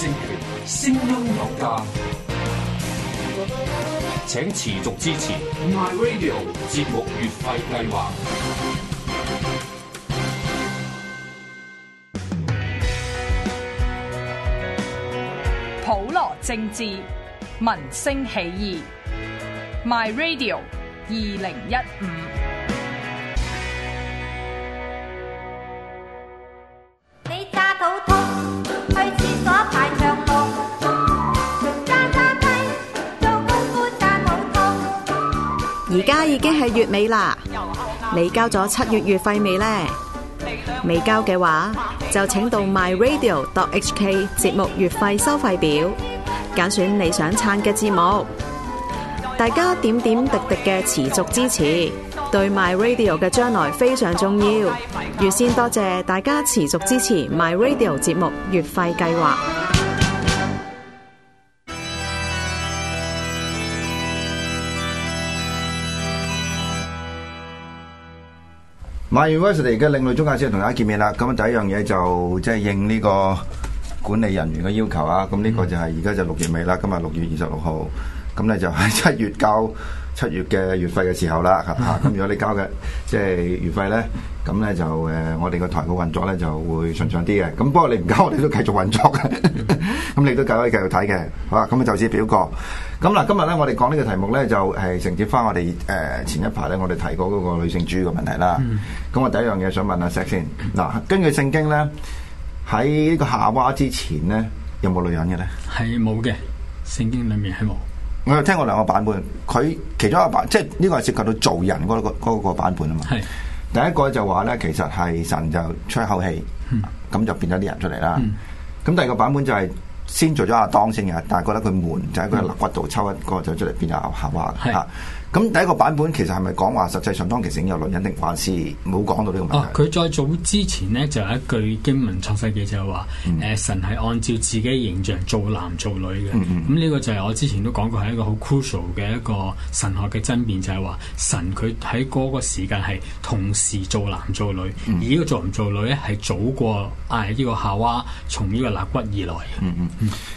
政權聲音有價，請持續支持 My Radio 節目月費計劃。普羅政治，民聲起義。My Radio 二零一五。而家已經係月尾啦，你交咗七月月，月費未呢？未交嘅話，就請到 myradio.hk 節目月費收費表，揀選你想撐嘅節目。大家點點滴滴嘅持續支持，對 myradio 嘅將來非常重要。預先多謝大家持續支持 myradio 節目月費計劃。My University 嘅另類宗教史先同大家見面啦。咁第一樣嘢就即係、就是、應呢個管理人員嘅要求啊。咁呢個就係而家就六月尾啦。今日六月二十六號，咁咧就喺七月交七月嘅月費嘅時候啦。咁 如果你交嘅即係月費咧，咁咧就誒、呃、我哋個台嘅運作咧就會順暢啲嘅。咁不過你唔交，我哋都繼續運作嘅。咁 你都繼續可以繼續睇嘅。好啦，咁啊就此表過。咁嗱，今日咧我哋講呢個題目咧，就係承接翻我哋誒前一排咧，我哋提過嗰個女性主義嘅問題啦。咁、嗯、我第一樣嘢想問阿 Zeke、嗯、先。嗱，根據聖經咧，喺呢個夏娃之前咧，有冇女人嘅咧？係冇嘅，聖經裏面係冇。我又聽過兩個版本，佢其中一個版本，即係呢個係涉及到造人嗰、嗰個、嗰個版本啊嘛。係是第一個就話咧，其實係神就吹一口氣，咁、嗯、就變咗啲人出嚟啦。咁、嗯嗯、第二個版本就係、是。先做咗阿當先嘅，但係覺得佢悶，嗯、就喺個肋骨度抽一個就出嚟，變咗夏娃㗎。咁第一個版本其實係咪講話實際上當其時已經有女人定還是冇講到呢個問題？佢再、啊、早之前呢，就有一句經文創世記，就係、是、話，誒、嗯啊、神係按照自己形象做男做女嘅。咁呢個就係我之前都講過係一個好 crucial 嘅一個神學嘅爭辯，就係、是、話神佢喺嗰個時間係同時做男做女，嗯、而呢個做唔做女咧係早過誒呢個夏娃從呢個肋骨而來嘅。咁誒、嗯嗯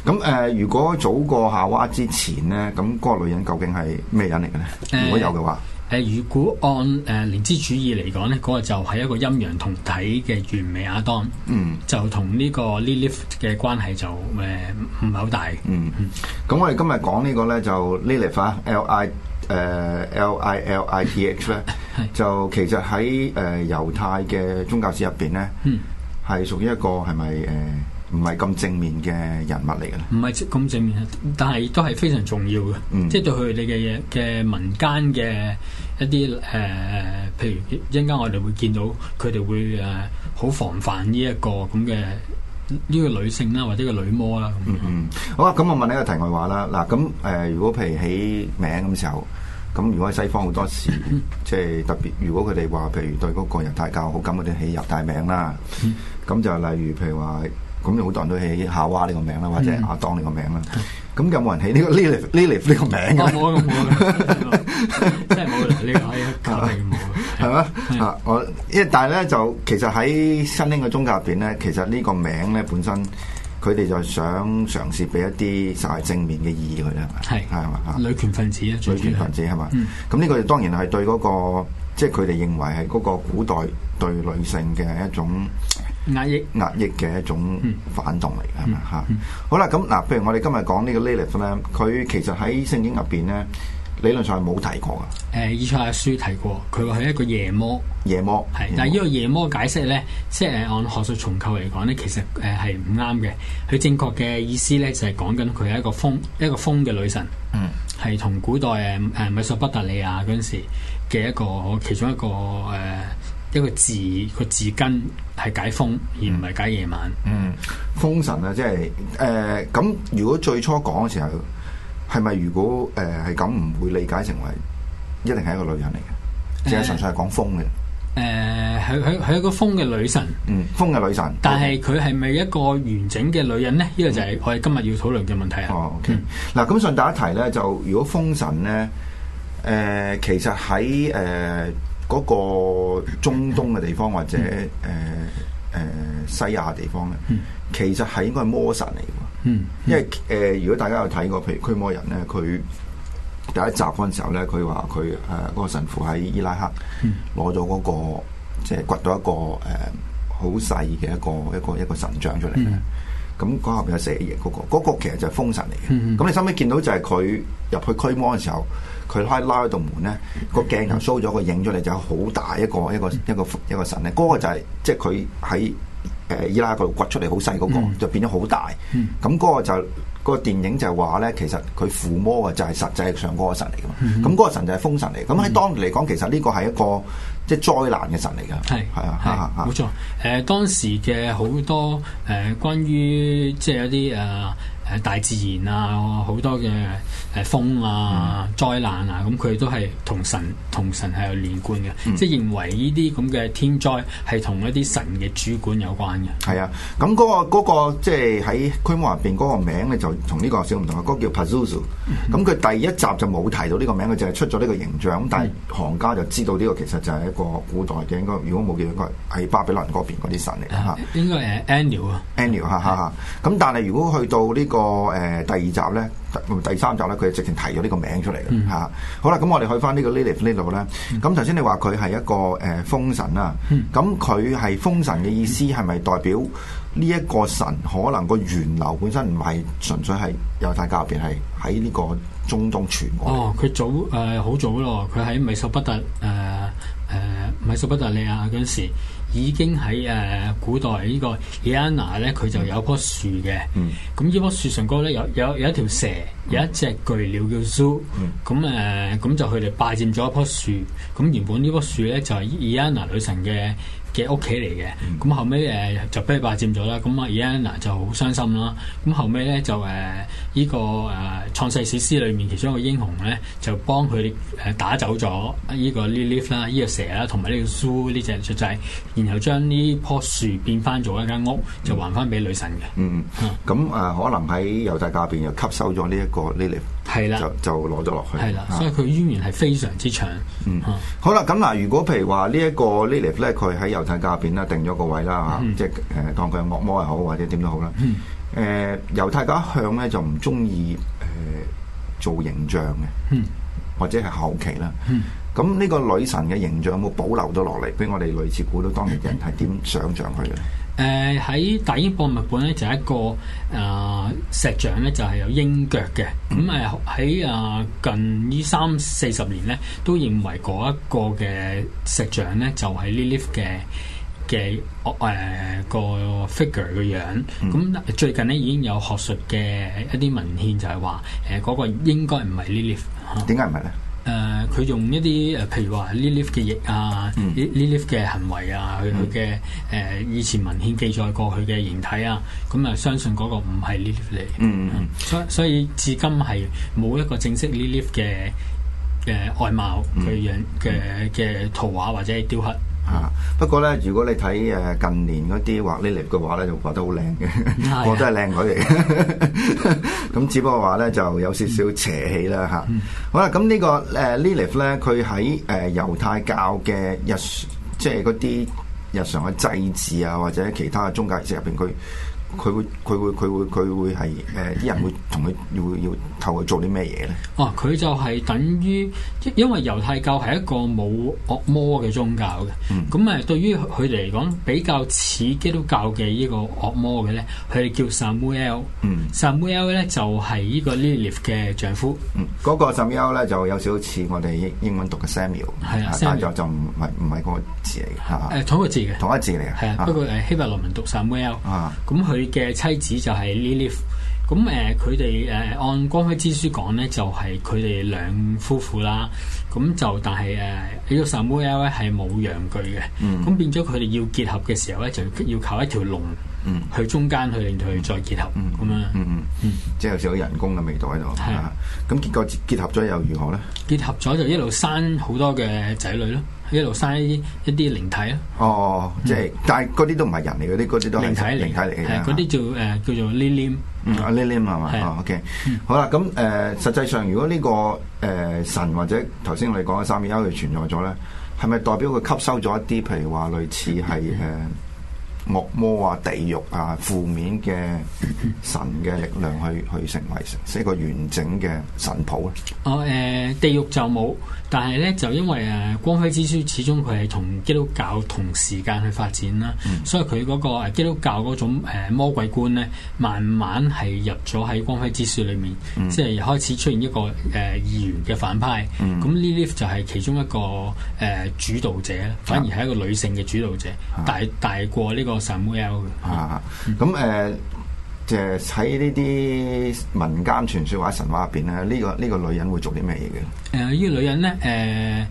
嗯呃，如果早過夏娃之前呢，咁嗰個女人究竟係咩人嚟嘅呢？如果有嘅話，誒、呃，如、呃、果按誒靈知主義嚟講咧，嗰、那個就係一個陰陽同體嘅完美亞當嗯、呃，嗯，就同呢個 Lilith 嘅關係就誒唔係好大，嗯，咁、嗯、我哋今日講呢個咧就 Lilith 啊，L, ith, L I 誒 L I L I T H 咧，就其實喺誒猶太嘅宗教史入邊咧，係屬於一個係咪誒？呃唔係咁正面嘅人物嚟嘅，唔係咁正面，但係都係非常重要嘅，即係對佢哋嘅嘢嘅民間嘅一啲誒，譬如一陣間我哋會見到佢哋會誒好防範呢一個咁嘅呢個女性啦，或者個女魔啦。嗯嗯，好啊，咁我問一個題外話啦。嗱，咁誒，如果譬如起名嘅時候，咁如果喺西方好多時，即係特別，如果佢哋話譬如對嗰個猶太教好感嗰啲起猶太名啦，咁就例如譬如話。咁又好多人都起夏娃呢個名啦，或者阿當呢個名啦。咁、嗯、有冇人起呢個 Lilith 呢、嗯、個名咁啊？冇啊、哦，冇 真係冇呢個係革冇，係嘛？啊，我一但咧就其實喺新興嘅宗教入邊咧，其實呢其實個名咧本身佢哋就想嘗試俾一啲實係正面嘅意義佢啦，係係嘛？吧女權分子啊，女權分子係嘛？咁呢、嗯、個當然係對嗰、嗰個，即係佢哋認為係嗰個古代對女性嘅一種。壓抑壓抑嘅一種反動嚟嘅係咪吓，好啦，咁嗱，譬如我哋今日講呢個 Lilith 咧，佢其實喺聖經入邊咧，理論上係冇提過噶。誒、呃，以賽亞書提過，佢話係一個夜魔，夜魔係。是魔但係呢個夜魔解釋咧，即係按學術重構嚟講咧，其實誒係唔啱嘅。佢、呃、正確嘅意思咧，就係講緊佢係一個風，一個風嘅女神。嗯，係同古代誒誒米索不達利亞嗰陣時嘅一個其中一個誒。一個字一個字根係解風，而唔係解夜晚。嗯，風神咧、啊，即係誒，咁、呃、如果最初講嘅時候，係咪如果誒係咁唔會理解成為一定係一個女人嚟嘅？即係純粹係講風嘅。誒、欸，係係係一個風嘅女神。嗯，風嘅女神。但係佢係咪一個完整嘅女人咧？呢個就係我哋今日要討論嘅問題啊。哦，OK。嗱，咁順帶一提咧，就如果風神咧，誒，其實喺誒。呃嗰個中東嘅地方或者誒誒、呃呃、西亞地方咧，其實係應該係魔神嚟嘅、嗯。嗯，因為誒、呃，如果大家有睇過，譬如《驅魔人》呢咧，佢第一集嗰陣時候咧，佢話佢誒嗰個神父喺伊拉克攞咗嗰個，即係掘到一個誒好細嘅一個一個一個神像出嚟嘅。嗯。咁嗰、嗯嗯嗯、後面有蛇嘢，嗰個，嗰、那個其實就係封神嚟嘅。咁你收尾見到就係佢入去驅魔嘅時候，佢拉拉嗰道門咧，那個鏡又 show 咗個影出嚟，嗯、就好大一個、嗯、一個一個一個神咧。嗰、那個就係、是、即係佢喺誒伊拉克度掘出嚟好細嗰個，嗯、就變咗好大。咁、那、嗰個就、那個電影就話咧，其實佢附魔嘅就係實際上嗰個神嚟嘅嘛。咁、那、嗰個神就係封神嚟。咁、那、喺、個、當年嚟講，其實呢個係一個，即係災難嘅神嚟㗎，係是，係啊，冇錯。誒、呃，當時嘅好多誒、呃，關於即係一啲誒。呃大自然啊，好多嘅誒風啊、災難啊，咁佢都係同神同神係有連貫嘅，即係認為呢啲咁嘅天災係同一啲神嘅主管有關嘅。係啊，咁嗰個即係喺《驅魔人》入邊嗰個名咧，就同呢個小唔同啊。嗰個叫 Pazuzu 咁佢第一集就冇提到呢個名，佢就係出咗呢個形象，咁但係行家就知道呢個其實就係一個古代嘅應該，如果冇記錯，係巴比倫嗰邊嗰啲神嚟啦嚇。應該 Annual 啊，Annual 哈哈哈。咁但係如果去到呢個誒、嗯、第二集咧，第三集咧，佢直情提咗呢個名出嚟嘅嚇。好啦，咁我哋去翻呢、嗯嗯、個《Lilith、呃》呢度咧。咁頭先你話佢係一個誒封神啊。咁佢係封神嘅意思係咪代表呢一個神可能個源流本身唔係純粹係猶太教入邊，係喺呢個中東傳嘅？哦，佢早誒好、呃、早咯，佢喺美索不達誒誒美索不達、呃呃、利亞嗰陣時。已經喺誒、呃、古代個 ana 呢個伊安娜咧，佢就有棵樹嘅。咁呢、嗯、棵樹上高咧有有有，有一條蛇，有一隻巨鳥叫蘇、嗯。咁誒咁就佢哋霸佔咗一棵樹。咁原本呢棵樹咧就係伊 n a 女神嘅。嘅屋企嚟嘅，咁、嗯、後尾誒、呃、就俾佢霸佔咗啦，咁阿伊恩娜就好傷心啦，咁後尾咧就誒依、呃這個誒、呃、創世史詩裏面其中一個英雄咧就幫佢哋誒打走咗呢個 Lilith 啦，呢個蛇啦，同埋呢個蘇呢隻雀仔，然後將呢棵樹變翻做一間屋，就還翻俾女神嘅、嗯。嗯，咁、嗯、誒、嗯呃、可能喺猶太教入邊又吸收咗呢一個 Lilith。係啦， 就就攞咗落去。係啦的，啊、所以佢淵源係非常之長。嗯，啊、好啦，咁嗱，如果譬如話呢一個 Lilith 咧，佢喺猶太教入邊咧定咗個位啦吓，即係誒，當佢係惡魔又好，或者點都好啦。誒、嗯呃，猶太教一向咧就唔中意誒做形象嘅，或者係後期啦。咁呢、嗯嗯、個女神嘅形象有冇保留咗落嚟，俾我哋類似古都當年人係點想象佢嘅咧？嗯誒喺、呃、大英博物館咧，就係一個啊、呃、石像咧，就係、是、有鷹腳嘅咁誒。喺啊、呃、近 2, 3, 呢三四十年咧，都認為嗰一個嘅石像咧，就係、是、Lilith 嘅嘅誒、呃、個 figure 個樣。咁、嗯、最近咧已經有學術嘅一啲文獻就係話誒嗰個應該唔係 Lilith。點解唔係咧？誒，佢、呃、用一啲誒，譬如話 Lilith 嘅形啊 Lilith 嘅行為啊，佢佢嘅誒以前文獻記載過佢嘅形體啊，咁啊相信嗰個唔係 Lilith 嚟。嗯，嗯所以所以至今係冇一個正式 Lilith 嘅嘅外貌，佢樣嘅嘅圖畫或者雕刻。不過咧，如果你睇誒近年嗰啲畫 Lilith 嘅話咧，就畫得好靚嘅， Yes. 我都係靚女嚟嘅，咁 只不過話咧就有少少邪氣啦吓，mm. 好啦，咁、這個呃、呢個誒 Lilith 咧，佢喺誒猶太教嘅日，即係嗰啲日常嘅祭祀啊，或者其他嘅宗教儀式入邊，佢。佢會佢會佢會佢會係誒啲人會同佢要要投佢做啲咩嘢咧？哦、啊，佢就係等於，因為猶太教係一個冇惡魔嘅宗教嘅。咁誒、嗯，對於佢哋嚟講比較似基督教嘅呢個惡魔嘅咧，佢哋叫 Samuel、嗯、Samuel。Samuel 咧就係、是、呢個 Lilith 嘅丈夫。嗯。嗰、那個 Samuel 咧就有少少似我哋英英文讀嘅 Samuel 的。係啊。但係就唔係唔係嗰個字嚟嘅。係同一個字嘅，同一個字嚟嘅。係的啊。不過誒，希伯來文讀 Samuel、啊。咁佢。啊嘅妻子就係 Lilith，咁誒佢哋誒按《光輝之書》講咧，就係佢哋兩夫婦啦。咁就但係誒，呢、呃、個 Samuel 咧係冇陽具嘅，咁、嗯、變咗佢哋要結合嘅時候咧，就要靠一條龍、嗯、去中間去令佢再結合咁啊。嗯樣嗯，嗯，即係有少少人工嘅味道喺度。係的。咁、啊、結果結合咗又如何咧？結合咗就一路生好多嘅仔女咯。一路生一啲一啲靈體哦，即、就、係、是，但係嗰啲都唔係人嚟，嗰啲嗰啲都靈體靈體嚟嘅。嗰啲叫誒叫做 Lilim。嗯 Lilim 係嘛？啊，OK。好啦，咁誒、呃、實際上，如果呢個誒神或者頭先我哋講嘅三面丘佢存在咗咧，係咪代表佢吸收咗一啲譬如話類似係誒？嗯嗯嗯惡魔啊、地獄啊、負面嘅神嘅力量去去成為成一個完整嘅神譜啊。哦誒、呃、地獄就冇，但係咧就因為誒、呃、光輝之書始終佢係同基督教同時間去發展啦，嗯、所以佢、嗰個誒基督教嗰種誒、呃、魔鬼觀咧，慢慢係入咗喺光輝之書裏面，嗯、即係開始出現一個誒、呃、議員嘅反派。咁呢啲就係其中一個誒、呃、主導者，反而係一個女性嘅主導者，大大過呢個。神都有嘅，Samuel, 啊，咁誒、嗯，uh, 就喺呢啲民間傳説或者神話入邊咧，呢、這個呢、這個女人會做啲咩嘢嘅？誒、呃，呢、這個女人咧，誒、uh，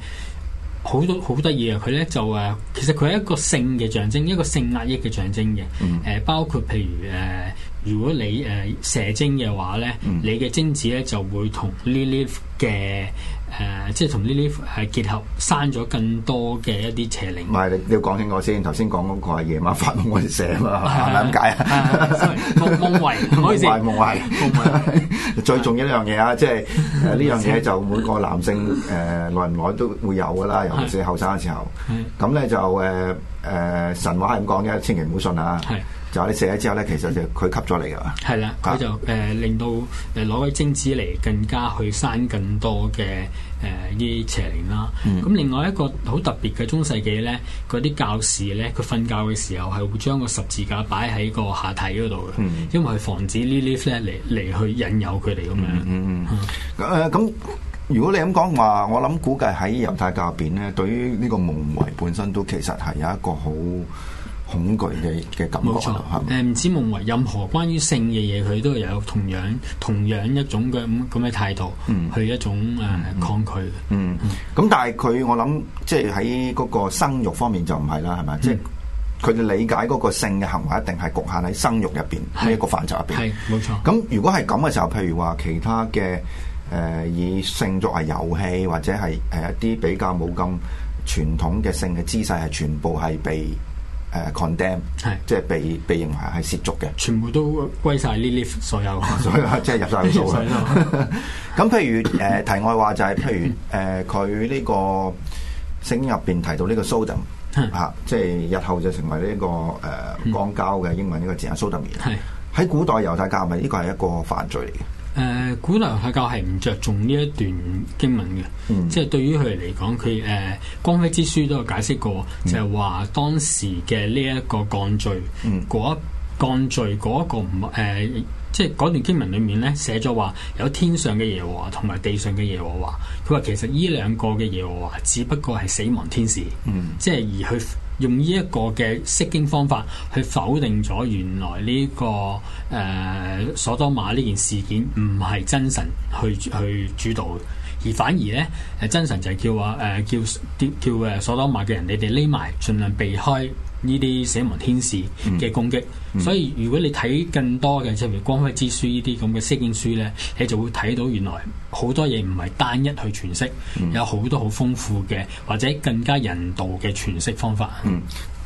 好多好得意啊！佢咧就誒，uh, 其實佢係一個性嘅象徵，一個性壓抑嘅象徵嘅。誒、嗯，包括譬如誒，uh, 如果你誒射、uh, 精嘅話咧，嗯、你嘅精子咧就會同 Lilith 嘅。誒，uh, 即係同呢啲係結合，生咗更多嘅一啲邪靈。唔係，你你要講清楚先。頭先講嗰個係夜晚發夢嗰啲蛇啊嘛，係點解啊、 uh, uh,？夢夢遺，唔好意思。夢遺，夢遺 最重要一、就是呃 uh, 樣嘢啊，即係呢樣嘢就每個男性誒、呃、耐唔耐都會有噶啦，尤其是後生嘅時候。咁咧、 嗯、就誒誒、呃、神話係咁講啫，千祈唔好信啊。就係你食咗之後咧，其實就佢吸咗你㗎嘛。係啦的，佢、啊、就誒、呃、令到誒攞個精子嚟更加去生更多嘅誒啲邪靈啦。咁、嗯、另外一個好特別嘅中世紀咧，嗰啲教士咧，佢瞓覺嘅時候係會將個十字架擺喺個下體嗰度嘅，嗯、因為防止呢啲咧嚟嚟去引誘佢哋咁樣嗯。嗯嗯。咁，如果你咁講話，我諗估計喺猶太教入邊咧，對於呢個夢魘本身都其實係有一個好，恐懼嘅嘅感覺，誒錯，唔嗎知，夢為任何關於性嘅嘢，佢都有同樣同樣一種嘅咁嘅態度。嗯、去一種誒、呃嗯、抗拒。嗯，咁但係佢我諗，即係喺嗰個生育方面就唔係啦，係咪？即係佢哋理解嗰個性嘅行為，一定係局限喺生育入邊，喺是一個範疇入邊。係，冇錯。咁如果係咁嘅時候，譬如話其他嘅誒，呃、以，以性作為遊戲，或者係誒一啲比較冇咁傳統嘅性嘅姿勢，係全部係被。誒 condemn 係即係被被認為係涉足嘅，全部都歸晒呢啲所有， 所有即係入曬數嘅。咁 譬如誒、呃、題外話就係、是， 譬如誒佢呢個聖經入邊提到呢個 Sodom 嚇，即係日後就成為呢、這個誒肛交嘅英文呢個字啊，Sodomy 係喺古代猶太教咪呢個係一個犯罪嚟嘅。誒、呃、古羅教係唔着重呢一段經文嘅，嗯、即係對於佢嚟講，佢誒、呃《光輝之書》都有解釋過，嗯、就係話當時嘅呢一個降罪，嗰、嗯、降罪嗰、那、一個唔誒、呃，即係嗰段經文裏面咧寫咗話有天上嘅耶和華同埋地上嘅耶和華，佢話其實呢兩個嘅耶和華只不過係死亡天使，嗯、即係而去。用呢一個嘅釋經方法去否定咗原來呢、這個誒所、呃、多瑪呢件事件唔係真神去去主導，而反而咧誒真神就係叫話誒、呃、叫叫誒所多瑪嘅人你，你哋匿埋，儘量避開。呢啲死亡天使嘅攻擊，嗯嗯、所以如果你睇更多嘅，例如《光輝之書》這這書呢啲咁嘅釋經書咧，你就會睇到原來好多嘢唔係單一去詮釋，嗯、有好多好豐富嘅或者更加人道嘅詮釋方法。嗯，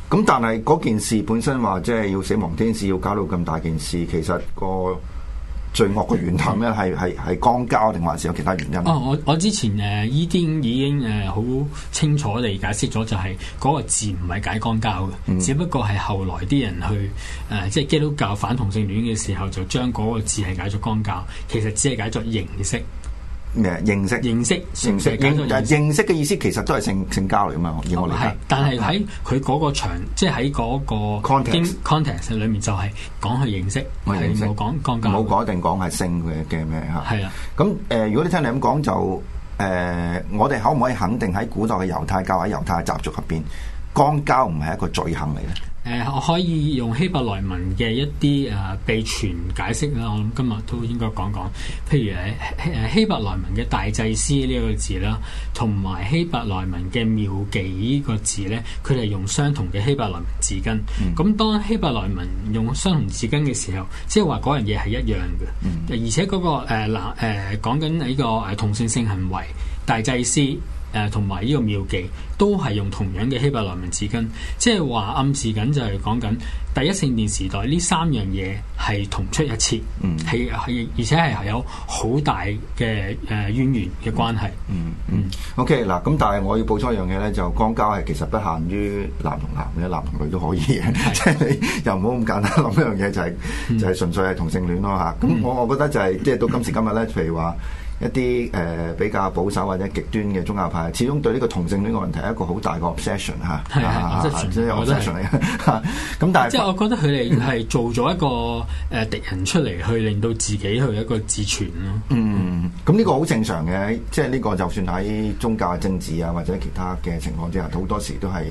咁但係嗰件事本身話，即係要死亡天使要搞到咁大件事，其實、個。罪惡嘅源頭咧，係係係肛交定還是有其他原因？哦，我我之前誒依啲已經誒好、呃、清楚地解釋咗、就是，就係嗰個字唔係解肛交嘅，嗯、只不過係後來啲人去誒、呃、即係基督教反同性戀嘅時候，就將嗰個字係解作肛交，其實只係解作形式。認識認識認識，認識嘅識意思其實都係性性交嚟㗎嘛，以我嚟講、哦。但係喺佢嗰個場，啊、即係喺嗰個 context, context context 裏面，就係講佢認識，我哋冇講肛交，冇講一定講係性嘅嘅咩嚇。係啦，咁誒的、呃，如果你聽你咁講，就誒、呃，我哋可唔可以肯定喺古代嘅猶太教或者猶太習俗入邊，肛交唔係一個罪行嚟咧？誒、呃、我可以用希伯來文嘅一啲誒、呃、秘傳解釋啦，我諗今日都應該講講，譬如誒誒希伯來文嘅大祭司呢個字啦，同埋希伯來文嘅妙記呢個字咧，佢哋用相同嘅希伯來文字根。咁、嗯、當希伯來文用相同字根嘅時候，即係話嗰樣嘢係一樣嘅。嗯、而且嗰、那個嗱誒、呃呃、講緊呢個同性性行為大祭司。誒同埋呢個妙技都係用同樣嘅希伯來文字根，即係話暗示緊就係講緊第一聖殿時代呢三樣嘢係同出一轍，係係、嗯、而且係有好大嘅誒、呃、淵源嘅關係。嗯嗯。O K 嗱，咁、嗯 okay，但係我要補充一樣嘢咧，就肛交係其實不限於男同男或者男同女都可以嘅，即係你又唔好咁簡單諗一樣嘢、就係，就係就係純粹係同性戀咯嚇。咁、啊、我我覺得就係即係到今時今日咧，譬如話。一啲誒、呃、比較保守或者極端嘅宗教派，始終對呢個同性戀個問題係一個好大個 obsession 嚇的，係 obsession 嚟嘅。咁、啊、但係即係我覺得佢哋係做咗一個誒敵人出嚟，去令到自己去一個自存咯。嗯，咁呢個好正常嘅，即係呢個就算喺宗教嘅政治啊或者其他嘅情況之下，好多時都係。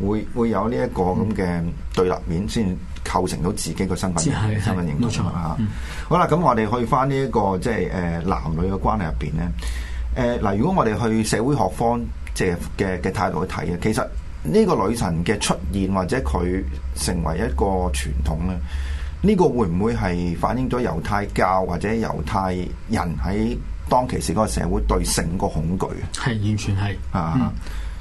會會有呢一個咁嘅對立面，先、嗯、構成到自己嘅身份、嗯、身份認同啊！嗯、 好啦，咁我哋去返呢一個即係誒男女嘅關係入邊咧，誒、呃、嗱，如果我哋去社會學方即係嘅嘅態度去睇啊，其實呢個女神嘅出現或者佢成為一個傳統咧，呢、這個會唔會係反映咗猶太教或者猶太人喺當其時嗰個社會對性個恐懼？係完全係、嗯、啊！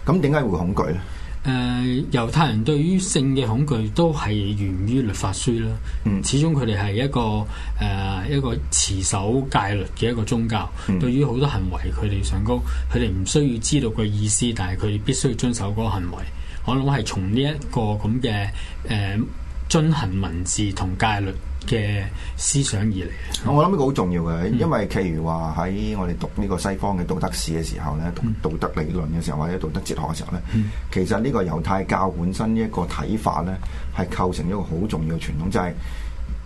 咁點解會恐懼咧？誒、呃、猶太人對於性嘅恐懼都係源於律法書啦，嗯、始終佢哋係一個誒、呃、一個持守戒律嘅一個宗教。嗯、對於好多行為，佢哋上高佢哋唔需要知道個意思，但係佢哋必須要遵守嗰個行為。我諗係從呢一個咁嘅誒遵行文字同戒律嘅思想而嚟，嘅、嗯。我諗呢個好重要嘅，因為譬如話喺我哋讀呢個西方嘅道德史嘅時候咧，讀道德理論嘅時候或者道德哲學嘅時候咧，嗯、其實呢個猶太教本身個呢一個睇法咧，係構成一個好重要嘅傳統，就係、是、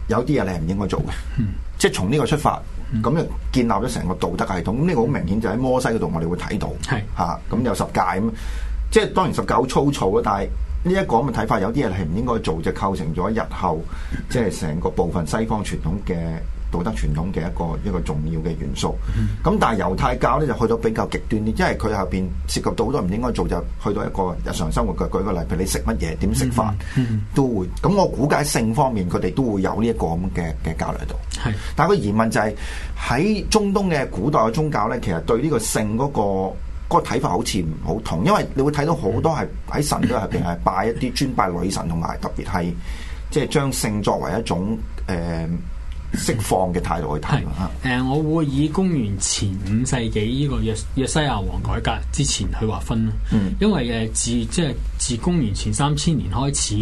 有啲嘢你係唔應該做嘅，嗯、即係從呢個出發，咁就建立咗成個道德系統。呢個好明顯就喺摩西嗰度，我哋會睇到，係吓咁有十戒咁，即係當然十九粗糙，啦，但係。呢一個咁嘅睇法，有啲嘢係唔應該做，就構成咗日後即係成個部分西方傳統嘅道德傳統嘅一個一個重要嘅元素。咁但係猶太教呢，就去到比較極端啲，因為佢後邊涉及到好多唔應該做，就去到一個日常生活嘅舉個例，譬如你食乜嘢、點食飯，嗯嗯、都會。咁我估計性方面，佢哋都會有呢、這、一個咁嘅嘅教喺度。係是，但係個疑問就係、是、喺中東嘅古代嘅宗教呢，其實對呢個性嗰、那個。個睇法好似唔好同，因為你會睇到好多係喺神嘅入邊係拜一啲專拜女神，同埋特別係即係將性作為一種誒、呃、釋放嘅態度去睇啊！誒、呃，我會以公元前五世紀呢個約約西亞王改革之前去劃分咯，嗯、因為誒、呃、自即係。自公元前三千年開始，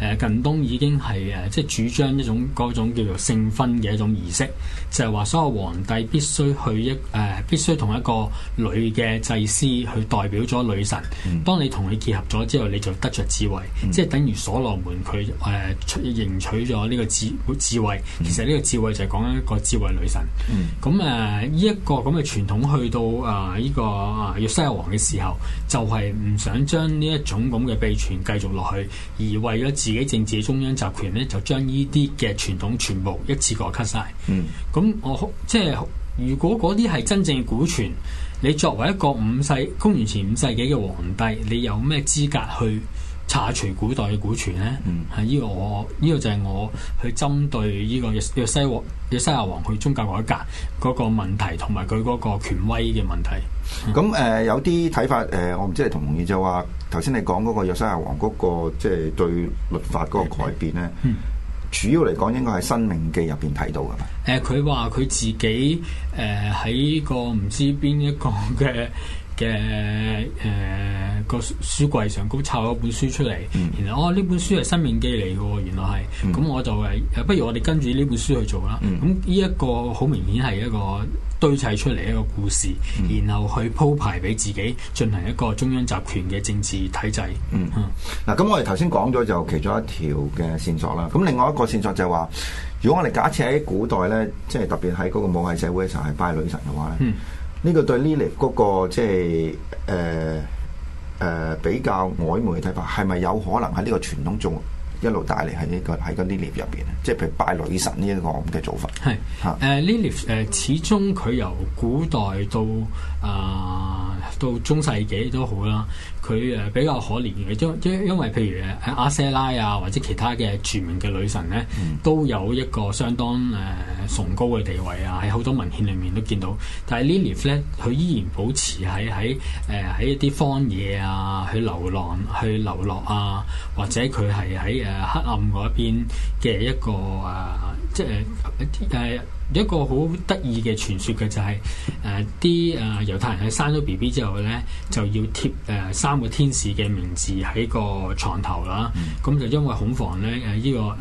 誒近東已經係誒即係主張一種嗰種叫做聖婚嘅一種儀式，就係、是、話所有皇帝必須去一誒、呃、必須同一個女嘅祭司去代表咗女神。當你同佢結合咗之後你就得着智慧，即係、嗯、等於所羅門佢誒出贏取咗呢個智智慧。其實呢個智慧就係講緊一個智慧女神。咁誒呢一個咁嘅傳統去到、呃、啊呢個啊約西亞王嘅時候，就係、是、唔想將呢一種咁嘅。被傳繼續落去，而為咗自己政治中央集權咧，就將呢啲嘅傳統全部一次過 cut 晒。嗯，咁我即係如果嗰啲係真正嘅古傳，你作為一個五世，公元前五世紀嘅皇帝，你有咩資格去查除古代嘅古傳咧？嗯，係呢個我呢、這個就係我去針對呢、這個約、這個、西王約、這個西，這個、西亞王去宗教改革嗰個問題，同埋佢嗰個權威嘅問題。咁誒、嗯呃，有啲睇法誒、呃，我唔知係同意就話、是。頭先你講嗰個約西亞王嗰個即係對律法嗰個改變咧，嗯、主要嚟講應該係《申命記》入邊睇到噶嘛？誒，佢話佢自己誒喺個唔知邊一個嘅 嘅誒、呃、個書櫃上，高摷咗本書出嚟，嗯、然後哦，呢本書係申命記嚟嘅喎，原來係，咁、嗯、我就係，不如我哋跟住呢本書去做啦。咁呢一個好明顯係一個堆砌出嚟一個故事，嗯、然後去鋪排俾自己進行一個中央集權嘅政治體制。嗯，嗱、嗯，咁我哋頭先講咗就其中一條嘅線索啦。咁另外一個線索就係話，如果我哋假設喺古代咧，即係特別喺嗰個母系社會嘅時候係拜女神嘅話咧。嗯嗯呢個對 Lilith 嗰個即係誒誒比較曖昧嘅睇法，係咪有可能喺呢個傳統中一路帶嚟喺呢個喺個 Lilith 入邊咧？即係譬如拜女神呢一個咁嘅做法。係誒 Lilith 始終佢由古代到啊。Uh 到中世紀都好啦，佢誒比較可憐嘅，因因因為譬如誒阿瑟拉啊，或者其他嘅著名嘅女神咧，嗯、都有一個相當誒、呃、崇高嘅地位啊，喺好多文獻裏面都見到。但係 Lilith 咧，佢依然保持喺喺誒喺一啲荒野啊，去流浪、去流落啊，或者佢係喺誒黑暗嗰邊嘅一個誒、呃，即係誒。呃一個好得意嘅傳説嘅就係誒啲誒猶太人喺生咗 B B 之後咧，就要貼誒三個天使嘅名字喺個床頭啦。咁就因為恐防咧誒呢個誒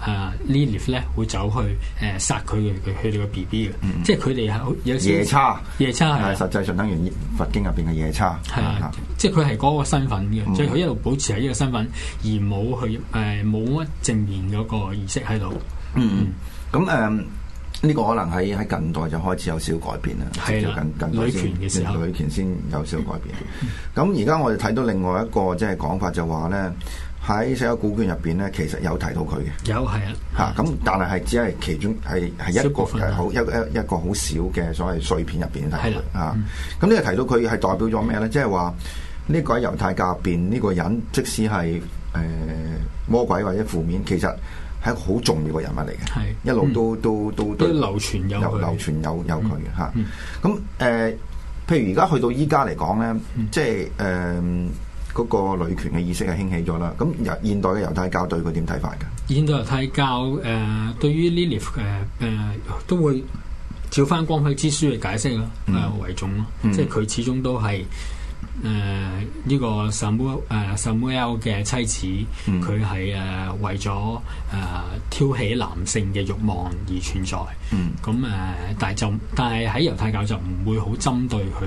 Lilith 咧會走去誒殺佢佢佢哋嘅 B B 嘅，即係佢哋係有時夜叉，夜叉係啊，實際上等於佛經入邊嘅夜叉。係啊，即係佢係嗰個身份嘅，所以佢一路保持喺呢個身份，而冇去誒冇乜正面嗰個儀式喺度。嗯嗯，咁誒。呢個可能喺喺近代就開始有少改變啦。係啦的，近近代先。女權嘅時候。女權先有少改變。咁而家我哋睇到另外一個即係講法就話咧，喺《聖經》古卷入邊咧，其實有提到佢嘅。有係啊。嚇！咁但係係只係其中係係一個好、啊、一一一好少嘅所謂碎片入邊嚟嘅啊。咁呢個提到佢係代表咗咩咧？即係話呢個喺猶太教入邊呢個人，即使係誒、呃、魔鬼或者負面，其實。係一個好重要嘅人物嚟嘅，一路都都都都流傳有流傳有有佢嘅嚇。咁誒，譬如而家去到依家嚟講咧，即係誒嗰個女權嘅意識係興起咗啦。咁現代嘅猶太教對佢點睇法嘅？現代猶太教誒，對於 Lilith 都會照翻《光輝之書》去解釋咯，係為重咯，即係佢始終都係。誒，呢、呃這個 Samuel,、呃、Samuel 誒 Samuel 嘅妻子，佢係誒為咗誒、呃、挑起男性嘅欲望而存在。咁誒、嗯呃，但就但係喺猶太教就唔會好針對佢，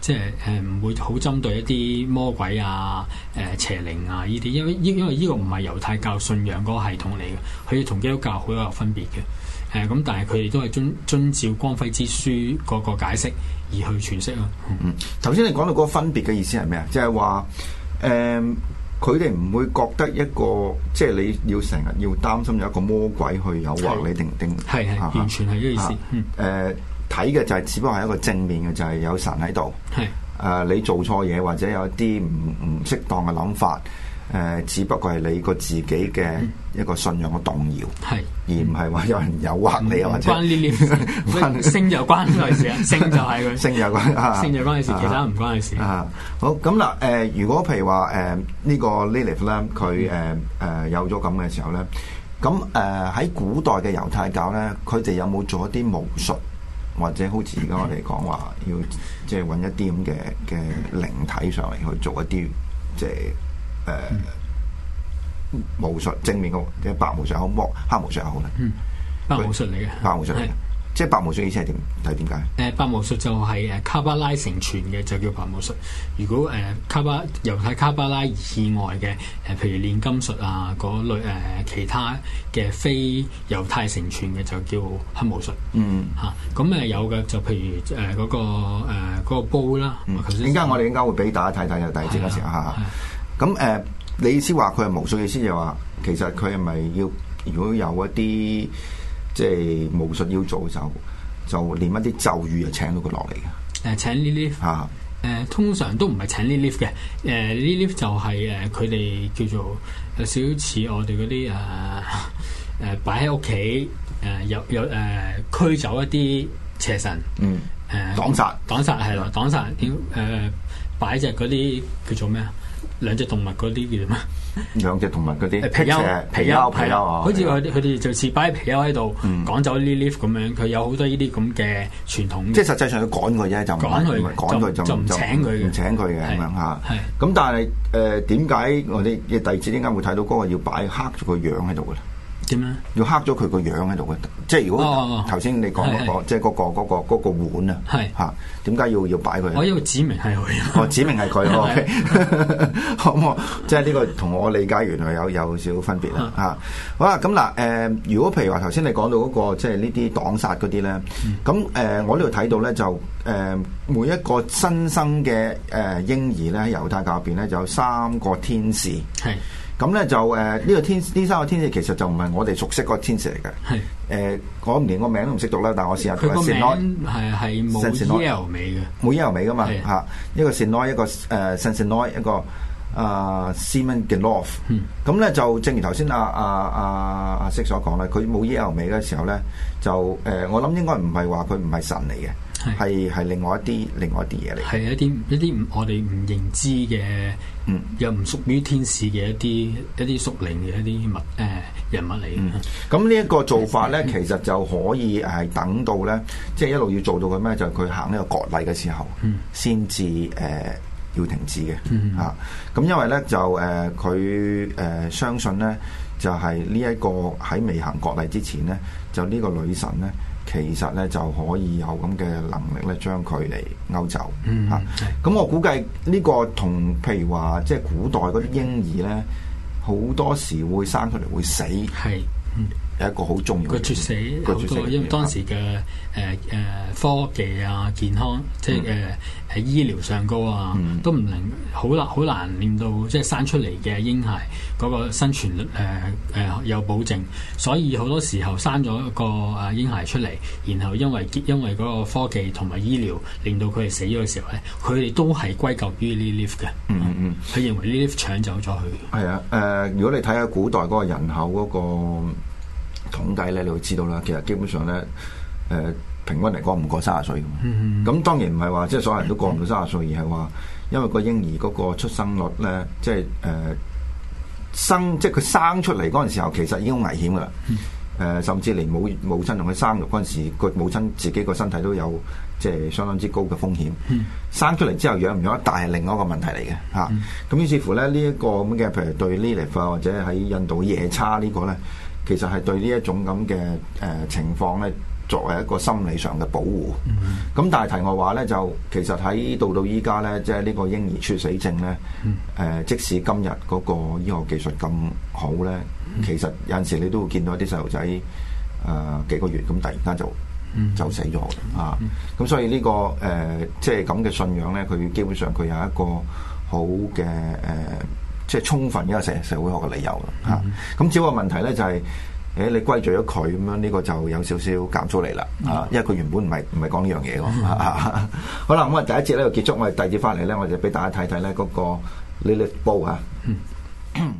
即係誒唔會好針對一啲魔鬼啊、誒、呃、邪靈啊呢啲，因為因因為呢個唔係猶太教信仰嗰個系統嚟嘅，佢哋同基督教好有分別嘅。係啊，咁但係佢哋都係遵遵照《光輝之書》個個解釋而去詮釋啊。嗯，頭先你講到嗰個分別嘅意思係咩啊？就係話，誒，佢哋唔會覺得一個，即係你要成日要擔心有一個魔鬼去誘惑你定、哦、定？係係的哈，完全係呢個意思。誒、嗯，睇嘅、呃、就係只不過係一個正面嘅，就係、是、有神喺度。係誒的、呃，你做錯嘢或者有一啲唔唔適當嘅諗法。誒、呃，只不過係你個自己嘅一個信仰嘅動搖，係、嗯、而唔係話有人誘惑你啊，或者關呢啲，性就關呢事，性就係佢，性，就關，性就關呢事，其他唔關呢事。啊，好咁嗱，誒、呃，如果譬如話，誒、呃、呢、這個 Lilith 咧，佢誒誒有咗咁嘅時候咧，咁誒喺古代嘅猶太教咧，佢哋有冇做一啲巫術，或者好似而家我哋講話，要即係搵一啲咁嘅嘅靈體上嚟去做一啲即係。就是誒，巫術正面嘅即係白巫術好，巫黑巫術又好啦。嗯，白巫術嚟嘅，白巫術嚟嘅，即係白巫術意思係點？係點解？誒，白巫術就係誒卡巴拉成傳嘅，就叫白巫術。如果誒卡巴猶太卡巴拉以外嘅誒，譬如煉金術啊嗰類誒其他嘅非猶太成傳嘅，就叫黑巫術。嗯，吓咁誒有嘅就譬如誒嗰個誒個煲啦。嗯，點解我哋應該會俾大家睇睇啊？但係即刻試下咁誒、呃，你意思話佢係巫術意思，就話其實佢係咪要如果有一啲即係巫術要做就就念一啲咒語啊，請到佢落嚟嘅？誒、呃、請呢啲誒通常都唔係請呢啲嘅，誒呢啲就係誒佢哋叫做有少少似我哋嗰啲誒誒擺喺屋企誒有有誒、呃、驅走一啲邪神，嗯誒擋煞，擋煞係咯，擋煞點，誒擺隻嗰啲叫做咩啊？兩隻動物嗰啲叫咩？兩隻動物嗰啲皮丘皮丘皮丘，好似佢哋就似擺皮丘喺度，趕走呢 Lilith 咁樣。佢有好多呢啲咁嘅傳統。即係實際上佢趕佢啫，就唔係趕佢就就唔請佢嘅，唔請佢嘅咁樣吓。咁但係誒，點解我哋嘅第二次點解會睇到嗰個要擺黑咗個樣喺度咧？要黑咗佢個樣喺度嘅，即係如果頭先你講嗰個，即係個個個碗啊，吓點解要要擺佢？我要指明係佢，我指明係佢，好，即係呢個同我理解原來有有少分別啦，吓好啦，咁嗱，誒，如果譬如話頭先你講到嗰個即係呢啲擋殺嗰啲咧，咁誒，我呢度睇到咧就誒，每一個新生嘅誒嬰兒咧喺猶太教入邊咧就有三個天使係。咁咧就誒呢個天呢三個天使其實就唔係我哋熟悉嗰個天使嚟嘅。係誒，我唔明個名都唔識讀啦，但係我試下。佢個名係係冇 E L 尾嘅，冇 E L 尾噶嘛嚇。一個 Sennoy，一個誒 Sennoy，一個誒 Semangelof。咁咧就正如頭先阿阿阿阿叔所講咧，佢冇 E L 尾嘅時候咧，就誒我諗應該唔係話佢唔係神嚟嘅。係係另外一啲另外一啲嘢嚟。係一啲一啲我哋唔認知嘅，嗯，又唔屬於天使嘅一啲一啲宿靈嘅一啲物誒、呃、人物嚟。嗯，咁呢一個做法咧，嗯、其實就可以係等到咧，即、就、係、係、一路要做到佢咩，就佢、係、行呢個國禮嘅時候，先至誒要停止嘅，嗯咁、啊、因為咧就誒佢誒相信咧，就係呢一個喺未行國禮之前咧，就呢個女神咧。其實咧就可以有咁嘅能力咧，將佢嚟勾走嚇。咁、嗯啊、我估計呢個同譬如話，即、就、係、是、古代嗰啲嬰兒咧，好多時會生出嚟會死。有一個好重要嘅猝死，好多因為當時嘅誒誒科技啊、健康，即係誒誒醫療上高啊，都唔能好難好難令到即係生出嚟嘅嬰孩嗰個生存率誒誒有保證。所以好多時候生咗一個啊嬰孩出嚟，然後因為因為嗰個科技同埋醫療令到佢哋死咗嘅時候咧，佢哋都係歸咎於呢啲 Lilith 嘅。嗯嗯佢、啊、認為呢啲搶走咗佢。係啊，誒，如果你睇下古代嗰個人口嗰、嗰個。統計咧，你會知道啦。其實基本上咧，誒、呃，平均嚟講唔過三十歲咁。咁、嗯、當然唔係話即係所有人都過唔到三十歲，而係話因為個嬰兒嗰個出生率咧，即係誒、呃、生即係佢生出嚟嗰陣時候，其實已經好危險噶啦。誒、嗯呃，甚至連母母親同佢生育嗰陣時，個母親自己個身體都有即係相當之高嘅風險。嗯、生出嚟之後養唔養得大係另外一個問題嚟嘅吓。咁、啊、於、嗯嗯、是乎咧，呢一個咁嘅譬如對 Lilith 或者喺印度嘅夜叉呢、這個咧，其實係對呢一種咁嘅誒情況咧，作為一個心理上嘅保護。咁、mm hmm. 但係題外話呢，就其實喺到到依家呢，即係呢個嬰兒猝死症呢，誒、mm hmm. 呃、即使今日嗰個醫學技術咁好呢，mm hmm. 其實有陣時你都會見到啲細路仔誒幾個月咁，突然間就就死咗、mm hmm. 啊！咁所以呢、呢個誒即係咁嘅信仰呢，佢基本上佢有一個好嘅誒。呃即係充分一個社社會學嘅理由啦，嚇、mm！咁、hmm. 啊、只不過問題咧就係、是，誒、哎、你歸罪咗佢咁樣，呢、這個就有少少夾咗嚟啦，mm hmm. 啊！因為佢原本唔係唔係講呢樣嘢嘅，好啦，咁、嗯、啊第一節咧就結束，我哋第二節翻嚟咧，我就俾大家睇睇咧嗰個 Lilith 煲嚇。Mm hmm.